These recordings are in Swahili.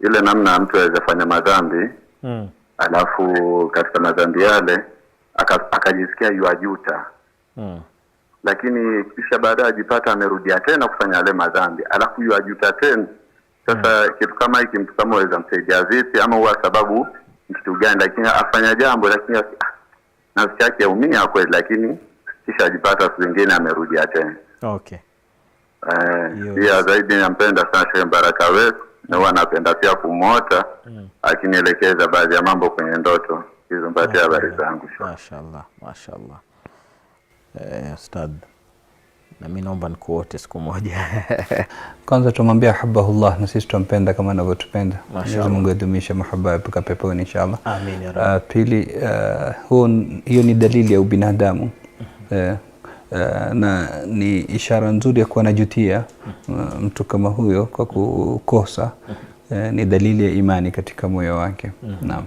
ile namna mtu aweza fanya madhambi mm. alafu katika madhambi yale akajisikia aka yuajuta mm. lakini kisha baadaye ajipata amerudia tena kufanya yale madhambi alafu yuajuta tena sasa mm. kitu kama hiki mtu kama aweza msaidia vipi ama huwa sababu ni kitu gani lakini afanya jambo lakini ah, nafsi yake aumia kweli lakini kisha ajipata su zingine amerudia tena okay eh, pia ya zaidi nampenda sana shehe Mbaraka wetu na huwa anapenda pia kumwota mm. akinielekeza baadhi ya mambo kwenye ndoto hizo, habari zangu. Mashaallah, mashaallah. Eh, ustadh na naomba nikuote siku moja. Kwanza tumwambia ahabahullah na sisi tumpenda kama anavyotupenda. Mwenyezi Mungu adumishe mahaba yake peponi inshallah. Amin ya ah, Rabbi. Uh, pili, uh, hiyo ni dalili ya ubinadamu. Uh, uh, na ni ishara nzuri ya kuwa najutia uh, eh, mtu kama huyo kwa kukosa, uh, ni dalili ya imani katika moyo wake. Mm-hmm. Naam.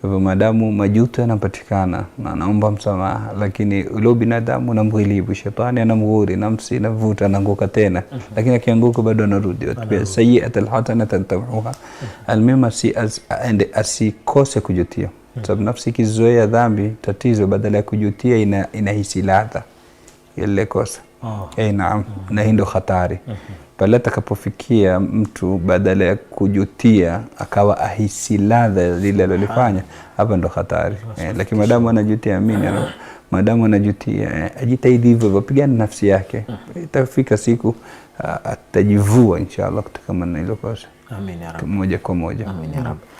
Kwa hivyo maadamu majuto yanapatikana na naomba msamaha, lakini ule binadamu namghilibu, shetani anamghuri, nafsi inavuta, anaanguka tena, mm-hmm. lakini akianguka bado anarudi. sayiat alhasanata tamhuha, mm-hmm. almema asikose kujutia, sababu nafsi ikizoea dhambi tatizo, badala ya kujutia inahisi ladha ile kosa oh. E, naam mm -hmm. na hii ndo hatari mm -hmm. pale atakapofikia mtu badala ya kujutia akawa ahisi ladha lile alilofanya, hapa ndo hatari eh, lakini madamu anajutia amini madamu anajutia eh, ajitahidi hivyo hivyo, pigana nafsi yake, itafika siku ah, atajivua inshallah na hilo kosa moja kwa moja. Rabb.